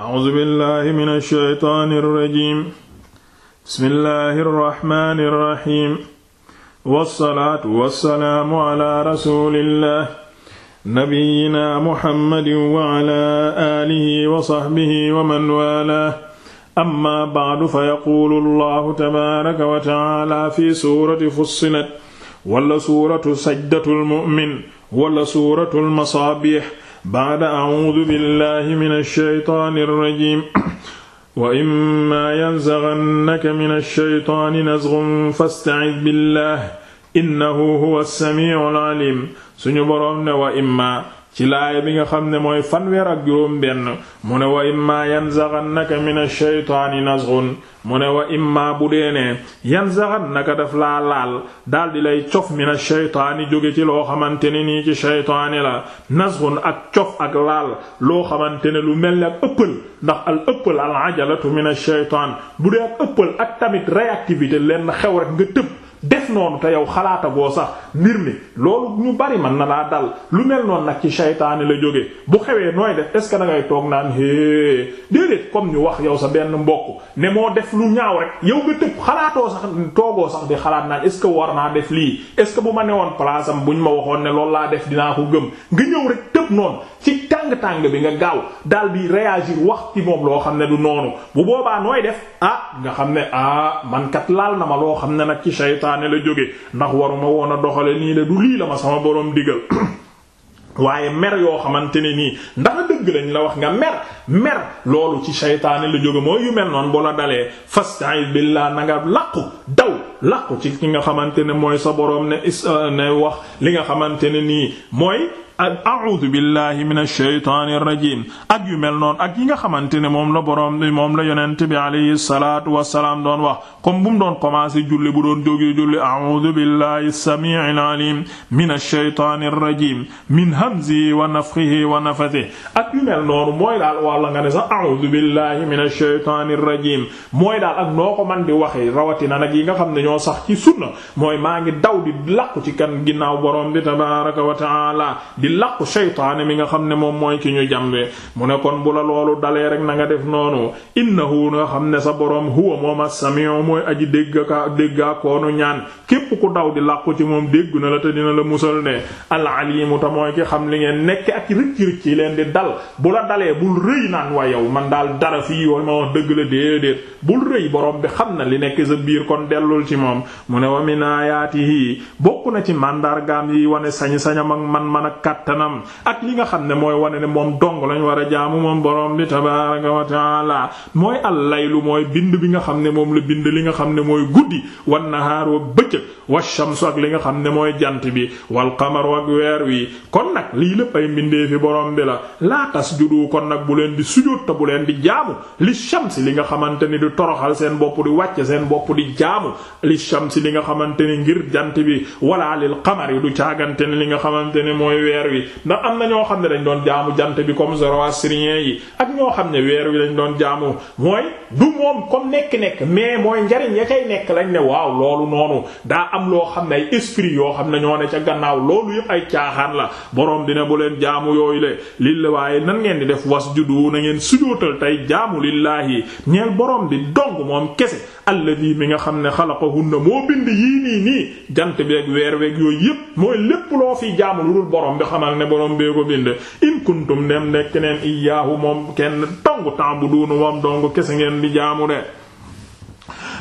a'uuzu billahi min alsheytaani alrajim bismillahi arrahmani irrahim wassalaatu wassalaamu ala rasulillah nabiyina muhammadin wa ala aalihi wa saxbihi wa man waalaahu amma ba'du fa yaquulu allahu tabaaraka wa ta'aala fi suurati fussilat wala suuratu sajdatul mu'min wala suuratul masaabiix ba'da a'uudu billahi minash shaytaanir rajiim wa immaa yanzaghannaka minash shaytaani nazghun fasta'iz billahi innahu huwas samii'ul aliim suñu boroom ne wa immaa ci laaya bi nga xam ne mooy fanweer ak juróom benn mu ne wa imma yanzaghannaka minash shaytaani nazghun mu ne wa imma bu deenee yanzaghannaka def laa laal di lay cof minash shaytaani jóge ci loo xamante ne nii ci shaytaani la nazghun ak cof ak laal loo xamante ne lu mel ni ak ëppal ndax al ëppal al ajalatu minash shaytaan bu dee ak ëppal ak tamit réactivité lenn xew rek nga tëb def noonu te yow xalaatagoo sax mbir mi loolu ñu bari man na laa dal lu mel noonu nag ci shaytaani la jóge bu xewee nooy def est ce que da ngay toog naan hee déedéet comme ñu wax yow sa benn mbokk ne moo def lu ñaaw rek yow nga tëb xalaatoo sax toogoo sax di xalaat naan est ce que war naa def lii est ce que bu ma newoon place am buñ ma waxoon ne loolu laa def dinaa ko gëm nga ñëw rek tëb noonu ci tàng-tàng bi nga gaaw daal di réagir wax ci moom loo xam ne du noonu bu boobaa nooy def ah nga xam ne ah man laal na ma loo xam ne nag ci shaytaan seytaane la jóge ndax waruma woon a doxale nii la du lii la ma sama boroom digal waaye mer yoo xamante ne nii ndax dëgg lañ la wax nga mer mer loolu ci seytaane la jóge mooy yu mel noonu bu la dalee fasta'id billah na nga làqu daw làqu ci ki nga xamante ne mooy sa boroom ne is euh, ne wax li nga xamante ne nii mooy ak a'uudu billahi min ashaytaani rajiim ak yu mel noonu ak yi nga xamante ne moom la boroom bi moom la yonent bi alayhi salaatu wassalaam doon wax comme bu mu doon commencé julli bu doon jógee julli a'uudu billahi samii'il aliim min ashaytaani rajiim min hamzihi wa nafthihi wa nafthihi ak yu mel noonu mooy daal walla nga ne sax a'uudu billahi min ashaytaani rajiim mooy daal ak noo ko man di waxee rawatina nag yi nga xam ne ñoo sax ci sunna mooy maa ngi daw di làqu ci kan ginnaaw boroom bi tabaaraka wa ta'aala làqu shaytaane mi nga xam ne moom mooy ci ñu jambe mu ne kon bu la loolu dalee rek na nga def noonu innahu nga xam ne sa boroom huwa moom a samiu mooy aji dégg ka dégga koonu ñaan képp ku daw di làqu ci moom dégg na la te dina la musal ne al-alimu ta mooy ki xam li ngeen nekk ak rëcc-rëcc yi leen di dal bu la dalee bul rëy naan wa yow man daal dara fii yooyu ma wax dëgg la déedéet bul rëy boroom bi xam na li nekk sa biir kon dellul ci moom mu ne wa min ayaatihi bokk na ci màndargaam yi wane sañ-sañam ak man-man ak kàttanam ak li nga xam ne mooy wane ne moom dong lañ war a jaamu moom borom bi tabaaraka wa taala mooy allaylu mooy bind bi nga xam ne moom la bind li nga xam ne mooy guddi wan nahaar wa bëccëg wa shamsu ak li nga xam ne mooy jant bi wal qamaru ak weer wi kon nag lii lépp ay mbindee fi bi la laa tasjudu kon nag bu leen di sujjóot te leen di jaamu li shamsi li nga xamante ni di toroxal seen bopp di seen bopp di jaamu li nga xamante ni ngir bi wala du caagante ni li nga xamante ni mooy weer wi ndax am na ñoo xam ne dañ doon jaamu jant bi comme zoroastrien yi ak ñoo xam ne weer wi lañ doon jaamu mooy du moom comme nekk-nekk mais mooy njariñ ya cay nekk lañ ne waaw loolu noonu daa am loo xam ne ay esprit yoo xam ne ñoo ne ca gannaaw loolu yëpp ay caaxaan la borom dina bu leen jaamu yooyu le lil la waaye nan ngeen di def wasjudu na ngeen sujootal tey jaamu lillaahi ñeel borom di dong moom kese alladi mi nga xam ne xalaqahunna moo bind yii nii nii jant beeg weer weeg yooyu yëpp mooy xamal ne borom bee ko bind in kuntum dem nekk neen iyaahu moom kenn dong temps bu duunu moom dong kese ngeen di jaamu de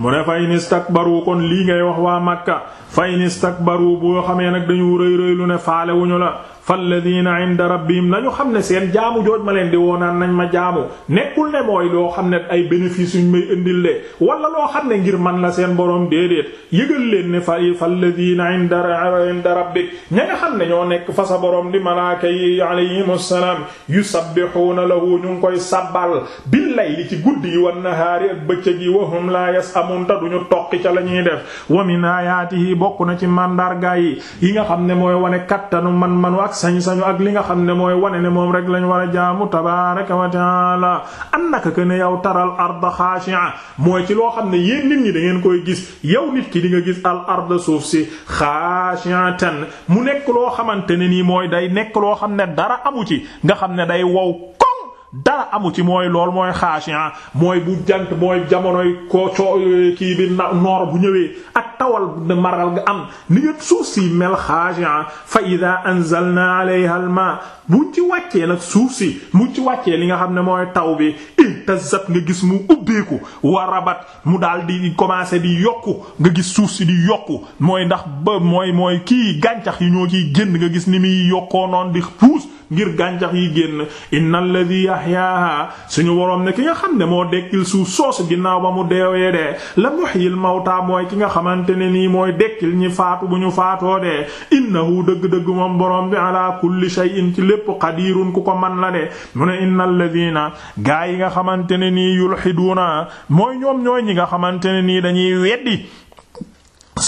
mu ne fay nistakbaru kon lii ngay wax waa Makka fay nistakbaru boo xamee nag dañu rëy rëy lu ne faale wuñu la falladiina inda rabbihim nañu xam ne seen jaamu jooj ma leen di woonaan nañ ma jaamu nekkul ne mooy loo xam ne ay bénéfice yuñ may indil de wala loo xam ne ngir man na seen boroom déedéet yëgal leen ne fa falladiina inda rabbik ña nga xam ne ñoo nekk fa sa boroom di malaaka yi alayhimu salaam yusabbihuuna lahu ñu ngi koy sabbal bil layli ci guddi yi wan nahaari ak bëccëg yi wa hum laa yasamuun ta duñu toqi ca la ñuy def wa min aayaatihi bokk na ci mandarga yi yi nga xam ne mooy wane kattanu man manu ak sañ-sañu ak li nga xam ne mooy wane ne moom rek lañu war a jaamu tabaaraka wa taala annaka que ne yow taral arda xaashi'a mooy ci loo xam ne yéen nit ñi da ngeen koy gis yow nit ki di nga gis al arda suuf si xaashi'atan mu nekk loo xamante ne nii mooy day nekk loo xam ne dara amu ci nga xam ne day wow. dara amu ci mooy lool mooy xaashiya ah. mooy bu jant mooy jamonoy ko co eh, kii bi noor bu ñëwee ak tawal maral nga am ni nga suuf si mel xaashiya ah. fa ida anzalna alayha al ma buñ ci wàccee nag suuf si mu ci wàccee li nga xam ne mooy taw bi ihtazat nga gis mu ubbeeku wa rabat mu daal di commencer di yokku nga gis suuf si di yokku mooy ndax ba mooy mooy kii gàncax yi ñoo ciy génn nga gis ni muy yokkoo noon di puus ngir gàncax yi génn inna alladhi ahyaaha suñu woroom ne ki nga xam ne moo dekkil suuf soosu ginnaaw ba mu deewee de la muhyil mawta mooy ki nga xamante ne nii mooy dekkil ñi faatu bu ñu faatoo de innahu dëgg-dëgg moom boroom bi ala kulli shay'in ci lépp qadirun ku ko man na de mu ne inna alladhina gaa yi nga xamante ne nii yulhiduuna mooy ñoom ñooy ñi nga xamante ne nii dañuy weddi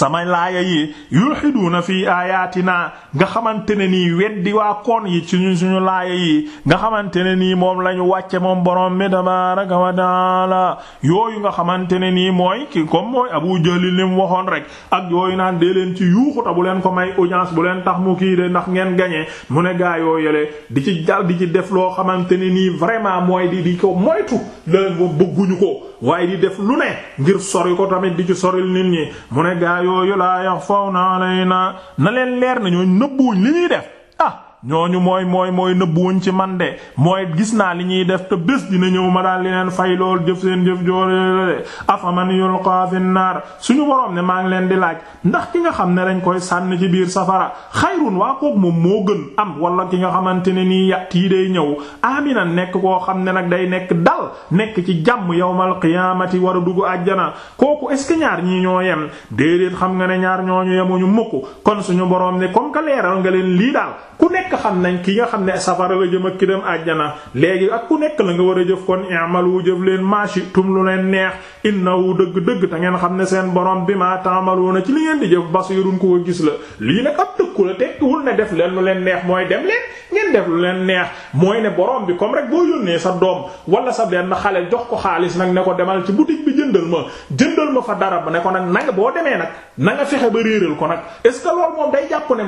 sama laaya yi yulxiduuna fii aayaatina nga xamante ne nii weddi waa koon yi suñu suñu laaya yi nga xamante ne nii moom la ñu wàcce moom borom mi tabaaraka wa taala yooyu nga xamante ne nii mooy ki comme mooy Abu ni mu waxoon rek ak yooyu naan dee leen ci yuuxuta bu leen ko may audience bu leen tax mu kii de ndax ngeen gañee mu ne gaa yoo yële di ci jal di ci def loo xamante ne nii vraiment mooy di di ko moytu leen bëgguñu ko waaye di def yooyu laa yaxfawna alayna leen leer na ñooñ nëbbuwuñ li ñuy def ñooñu mooy mooy mooy nëbbuwuñ ci man de mooy gis naa li ñuy def te bés dina ñëw ma daal li leen fay lool jëf seen jëf joore afaman yulqa fin naar suñu boroom ne maa ngi leen di laaj ndax ki nga xam ne dañ koy sànni ci biir safara xayrun waa kook moom moo gën am wala ki nga xamante ne nii yi day ñëw amina nekk koo xam ne nag day nekk dal nekk ci jàmm yawmal qiyaamati war a dugg àjjana kooku est ce que ñaar ñii ñoo yem déedéet xam nga ne ñaar ñoo ñooñu ñu mukk kon suñu boroom ne comme lii nekk xam nañ ki nga xam ne safara la jëm ak ki dem àjjana léegi ak ku nekk la nga war a jëf kon i'malu jëf leen maashi tum lu leen neex innahu dëgg-dëgg te ngeen xam ne seen borom bi ma ta'maluna ci li ngeen di jëf basirun ku ko gis la lii nag ab tëkku la tekkiwul ne def leen lu leen neex mooy dem leen ngeen def lu leen neex mooy ne borom bi comme rek boo yónnee sa doom wala sa benn xale jox ko xaalis nag ne ko demal ci boutique bi jëndal ma jëndal ma fa dara ba ne ko nag boo demee nag na nga ba ko nag est ce que na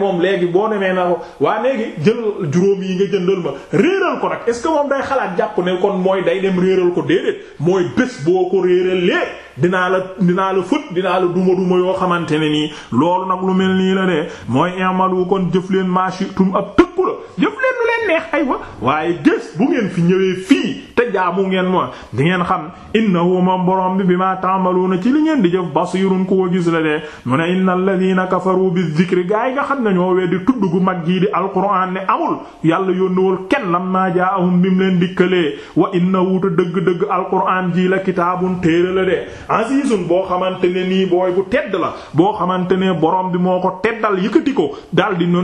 jël juróom yi nga jëndal ma réeral ko nag est ce que moom day xalaat jàpp ne kon mooy day dem réeral ko déedéet mooy bés boo ko réeralee dinaa la dinaa la fët dinaa la duma duma yoo xamante ne nii loolu nag lu mel nii la ne mooy imalu kon jëf leen machitum ab leen neex aywa waaye gés bu ngeen fi ñëwee fii te jaamu ngeen ma di ngeen xam innahu moom borom bi bi maa tàmbaluuna ci li ngeen di jëf basirun ku ko gis la de mu ne inna alladina kafaru bi zikri gaa yi nga xam ne ñoo weddi tudd gu mag jii di alquran ne amul yàlla yónnuwul kenn lam maa jaahum bi mu leen di dikkalee wa innahu te dëgg-dëgg alquran jii la kitaabun téere la de azizun boo xamante ne nii booy bu tedd la boo xamante ne borom bi moo ko teddal yëkkati ko daldi ñu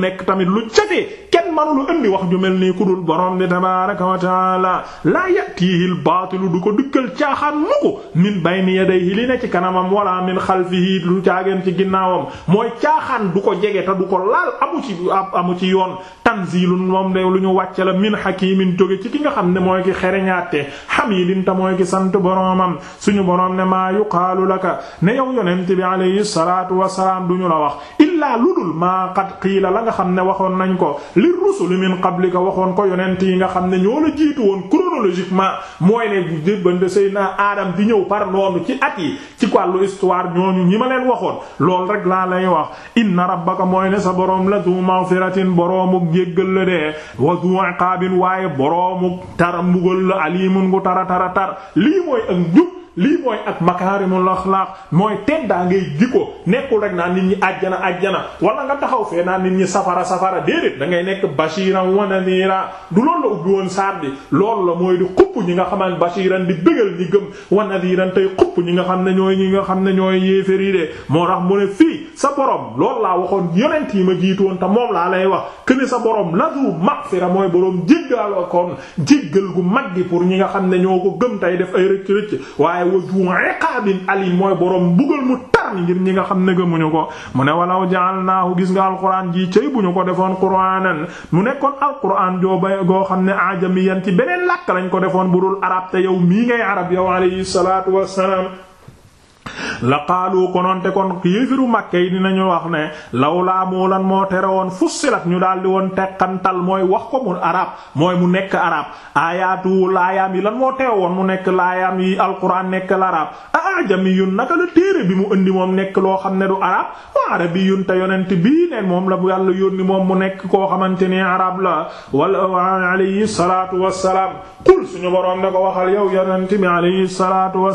wa taala laa yatihi al baatilu du ko dikkal caaxaan mu ko min bayni yadayhi li ne ci kanamam wala min xalfihi lu caageen ci ginnaawam mooy caaxaan du ko jege te du ko laal amu ci amu ci yoon tanzilun moom de lu ñu wàcce la min hakimin jóge ci ki nga xam ne mooy ki xereñaate hamidin ta mooy ki sant boromam suñu borom ne maa yuqaalu laka ne yow yonent bi alayhi salaatu wassalaam duñu la wax illaa ludul maa qad qiila la nga xam ne waxoon nañ ko li rusuli min qablika waxoon ko yonent yi nga xam ne ñoo la jiitu woon chronologiquement mooy ne jébbande Seydina Adam bi ñëw par noonu ci at yi ci wàllu histoire ñooñu ñi ma leen waxoon lool rek laa lay wax inna rabbaka mooy ne sa boroom la du maghfiratin boroomuk jéggal la dee wa du iqaabin waaye boroomuk tara mbugal la alimun gu tara tara tar lii mooy ak njub lii mooy ak makaarimul axlaaq mooy daa ngay jikko nekkul rek naan nit ñi àjjana àjjana wala nga taxaw fee naan nit ñi safara safara déedéet da ngay nekk bashiran wa nadhira du loolu la ubbi woon saar bi loolu la mooy di xupp ñi nga xaman bashiran di bégal ñi gëm wa nadhiran tey xupp ñi nga xam ne ñooy ñi nga xam ne ñooy yéeféri de moo tax mu ne fii sa borom loolu laa waxoon yonent yi ma jiitu te moom laa lay wax këni sa boroom borom lazu maghfira mooy boroom jéggal ko jéggal gu mag gi pour ñi nga xam ne ñoo ko gëm tay def ay waaye waju iqaabin alim mooy boroom mbugal mu tar ngir ñi nga xam ne gëmuñu ko mu ne walaw ja'alnaahu gis nga alquran ji cëy bu ñu ko defoon quraanan mu nekkoon alquran joo ba goo xam ne ajamiyan ci beneen làkk lañ ko defoon budul arab te yow mii ngay arab yow alayhi salaatu wassalaam la qaalu konoonte kon yéefiru Makka yi dinañu wax ne lawlaa moo lan moo tere woon fussilat ñu daal di woon teqantal mooy wax ko mu arab mooy mu nekk arab aayaatu laayaam yi lan moo teew woon mu nekk laayaam yi alquran nekk l'arab ajamiyun naka la téere bi mu indi moom nekk loo xam ne du arab wa arabiyun te yonent bii ne moom la yàlla yónni moom mu nekk koo xamante ni arab la wala alayhi salaatu wassalaam qul suñu boroom ne ko waxal yow yonent bi alayhi salaatu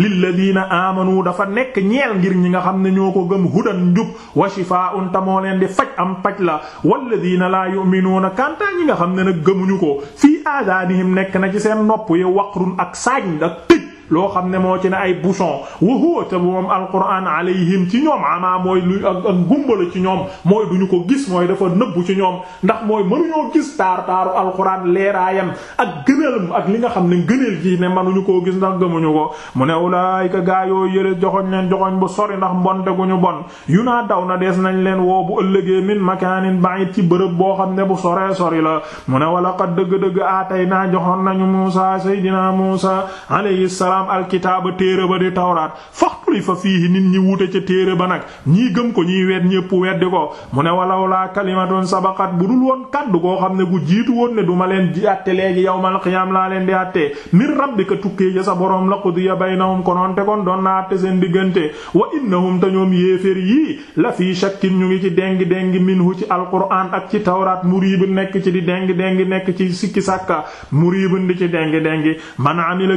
lilladina amanu dafa nekk ñeel ngir ñi nga xam ne ñoo ko gëm hudan njub wa shifaa'un ta leen di faj am faj la walladina laa yu'minuuna kanta ñi nga xam ne nag gëmuñu ko fii aadaanihim nekk na ci seen nopp yi waqrun ak saaj ak tëj loo xam ne moo ci ne ay bouchon wa huwa te moom alquran alayhim ci ñoom amaa mooy lu ak ak ci ñoom mooy du ñu ko gis mooy dafa nëbbu ci ñoom ndax mooy mënuñoo gis taar taaru alquran leeraayam ak gëneelam ak li nga xam ne gëneel gi ne mënuñu koo gis ndax gëmuñu ko mu ne ulaayika gaa yoo yële joxoñ leen joxoñ bu sori ndax mbonte gu ñu bon yu naa daw na dees nañ leen woo bu ëllëgee min makaanin ba'id ci bërëb boo xam ne bu soree sori la mu ne wala qad dëgg-dëgg aatay naa joxoon nañu Muusa sayidina Muusa alayhi salaam am alkitaaba téere ba di tawraat faxtuli fa fiihi nit ñi wute ca téere ba nag ñii gëm ko ñii wet ñépp weddi ko mu ne walaw laa kalimatun sabaqat bu dul woon kaddu koo xam ne gu jiitu woon ne du ma leen di àtte léegi yawmal qiyaam laa leen di àtte min rabbika tukkee ca sa boroom la qudiya baynahum konoon te kon doon naa àtte seen diggante wa innahum te ñoom yéefér yii la fii shakkin ñu ngi ci dengi dengi minhu ci alquran ak ci tawraat muriib nekk ci di dengi dengi nekk ci sikki sàkka muriib di ci dengi dengi man amila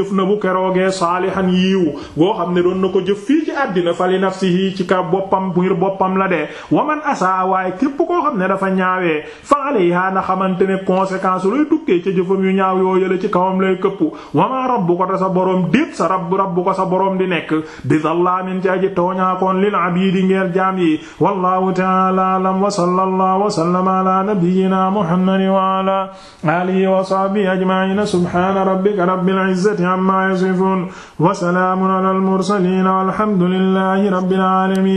jëf na bu keroogee saalihan yiiw goo xam ne doon na ko jëf fii ci àddina fali nafsihi ci ka boppam ngir boppam la dee waman asa waaye képp koo xam ne dafa ñaawee fa alayha na xamante ne conséquence lay tukkee ca jëfam yu ñaaw yoo yële ci kawam lay këpp wama rabbuka ta sa boroom déet sa rabb rabbuka sa boroom di nekk bi zallaamin ci aji tooñaakoon lil abidi ngeer jaam yi wallahu ta'ala alam wa sallallahu wa sallama ala nabiyyina muhammadin wa ala alihi wa sahbihi ajma'ina subhana rabbika rabbil izzati amma yasifun wa salaamun ala al mursaliin walhamdulillahi rabbil aalamiin